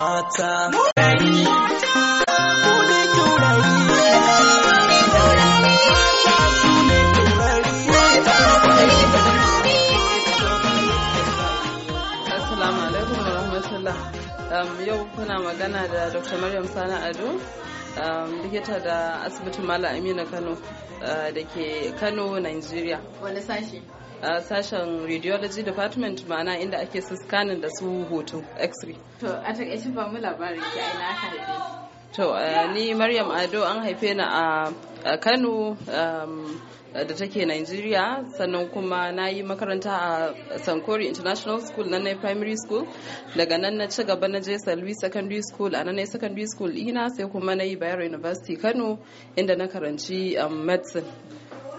mata. Um, yau kuna magana da dr maryam sani ado um, likita da asibitin malam aminu kano uh, da ke kano nigeria a sashen radiology department ma'ana inda ake su scanning da su hoto x-ray to a takaice ba mu labarin ki aina aka haife to ni maryam ado an haife ni a kano um, da take Nigeria sannan kuma na yi makaranta a Sankori International School nan na primary school daga nan na ci gaba na je Salwi Secondary School a nan secondary school ina sai kuma na yi Bayero University Kano inda na karanci um, medicine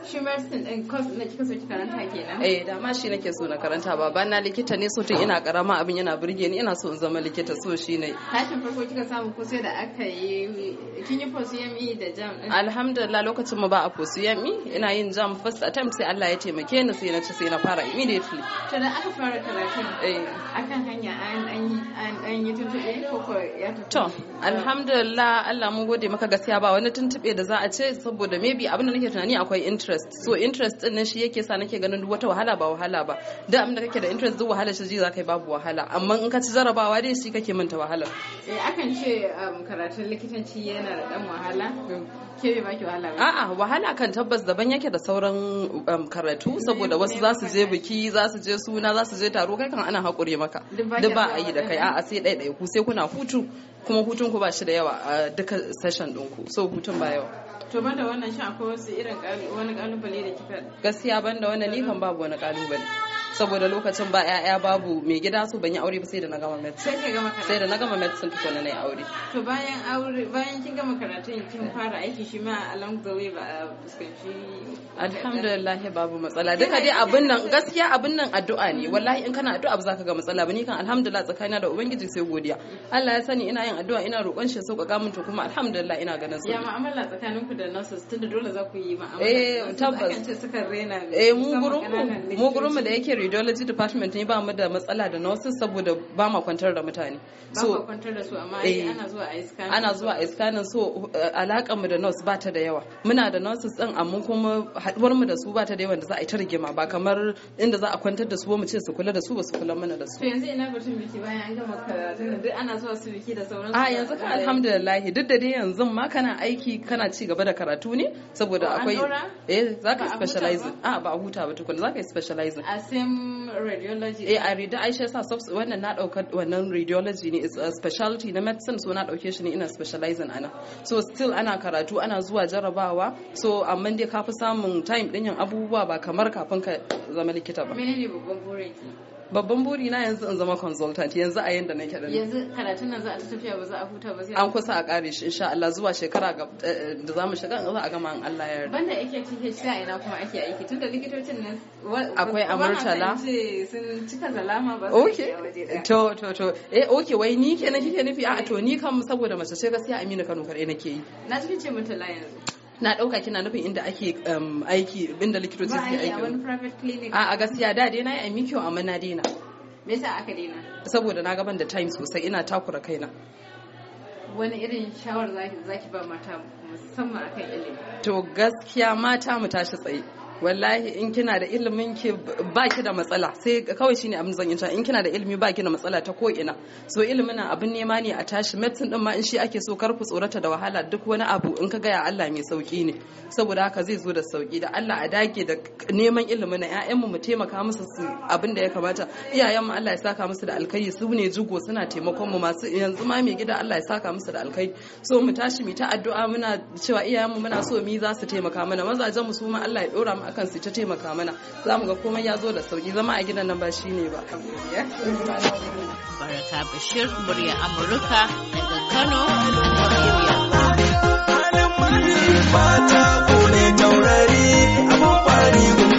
shi medicine kika so ki karanta kenan eh dama shi nake so na karanta baba na likita ne so tun ina karama abin yana burge ni ina so in zama likita so shi ne tashin farko kika samu ko da aka yi kin yi post e da jam alhamdulillah lokacin mu ba a post yami e. ina yin jam first attempt sai Allah ya taimake ni sai na ci sai na fara immediately to da aka fara karatun eh akan hanya an dan yi ko ya tafi to alhamdulillah Allah mun gode maka gaskiya ba wani tuntube da za a ce saboda maybe abin da nake tunani akwai interest so interest din nan shi yake sa nake ganin duk wata wahala ba wahala ba da abin da kake da interest duk wahala shi za kai babu wahala amma in ka ci jarabawa dai shi kake manta wahala eh akan ce um, karatun likitanci yana da dan wahala ke bai baki wahala ba a'a wahala kan tabbas daban yake da sauran um, karatu saboda wasu za su je biki za su je suna za su je taro kai kan ana haƙuri maka duk ba a yi da kai a'a sai ɗaya ku sai kuna hutu kuma hutun ku ba shi da yawa a duka session ɗinku so hutun ba yawa to banda wannan shi akwai wasu irin wani kalubale da kika gaskiya banda wannan ni kan babu wani kalubale saboda lokacin ba 'ya'ya babu mai gida su ban yi aure ba sai da na gama med sai ka gama sai da na gama med sun fito na nayi aure to bayan aure bayan kin gama karatun kin fara aiki shi ma along the way ba fuskanci alhamdulillah babu matsala duka dai abin nan gaskiya abin nan addu'a ne mm. wallahi in kana addu'a ba za ka ga matsala ba ni kan alhamdulillah tsakanina da ubangiji sai godiya Allah ya sani ina yin addu'a ina roƙon shi ga mun to kuma alhamdulillah ina ganin sauƙi ya mu'amala tsakaninku da nurses tunda dole za ku yi mu'amala eh tabbas eh mu gurin mu gurin mu da yake radiology department ne ba mu da matsala da nurses saboda ba ma kwantar da mutane so ba kwantar da su amma eh, ana zuwa a scanning ana zuwa a scanning so eh, alakan mu da nurse ba ta da yawa muna da nurses din amma kuma haduwar mu da su ba ta da yawa da za a yi ta rigima ba kamar inda za a kwantar da su mu ce su kula da su ba su kula mana da su to yanzu ina gurbin biki bayan an gama karatu duk ana zuwa su biki da sauransu a yanzu kan alhamdulillah duk da dai yanzu ma kana aiki kana ci gaba da karatu ne saboda oh, akwai eh zaka specialize a ba huta ba tukun zaka specialize a same radiology eh a reading aisha sa wannan na dauka wannan radiology ne is a specialty na medicine so na dauke shi ne ina specializing ana so still ana karatu ana zuwa jarabawa so amma dai ka fi samun time din yin abubuwa ba kamar kafin ka zama likita ba menene babban burin ki babban buri na yanzu in zama consultant yanzu a yanda nake din yanzu karatun nan za a tafiya ba za a huta ba sai an kusa a kare shi insha Allah zuwa shekara eh, eh, da zamu shiga in za a gama in Allah ya yarda banda ake kike a ina kuma ake aiki tunda likitocin nan akwai amurtala sun cika zalama ba okay to to to eh okay wai ni kenan kike nufi a to ni kam saboda mace ce gaskiya Amina Kano kare nake yi na tafi ce mutala yanzu na dauka kina nufin inda ake um, aiki inda likitoci suke aiki a a gaskiya da dai na yi kyau amma na daina me yasa aka daina saboda na gaban da time sosai ina takura kaina wani irin shawar zaki ba mata musamman akan ilimi to gaskiya mata mu tashi tsaye wallahi in kina da ilimin ki ba ki da matsala sai kawai shine abin zan yanta in kina da ilimi ba ki da matsala ta ko ina so ilimin na abin nema ne a tashi medicine din ma in shi ake so kar ku tsorata da wahala duk wani abu in ka ga ya Allah mai sauki ne saboda haka zai zo da sauki da Allah a dage da neman ilimin na ƴaƴanmu mu taimaka musu su abin da ya kamata iyayen mu Allah ya saka musu da alkai su ne jugo suna taimakon mu masu yanzu ma mai gida Allah ya saka musu da alkai so mu tashi mu ta addu'a muna cewa iyayen mu muna so mi za su taimaka mana mazajen mu su ma Allah ya dora mu akan su ta taimaka mana za mu ga komai ya zo da sauki zama a gidan nan ba ne ba baraka bashir murya amurka daga kano Mata ko ne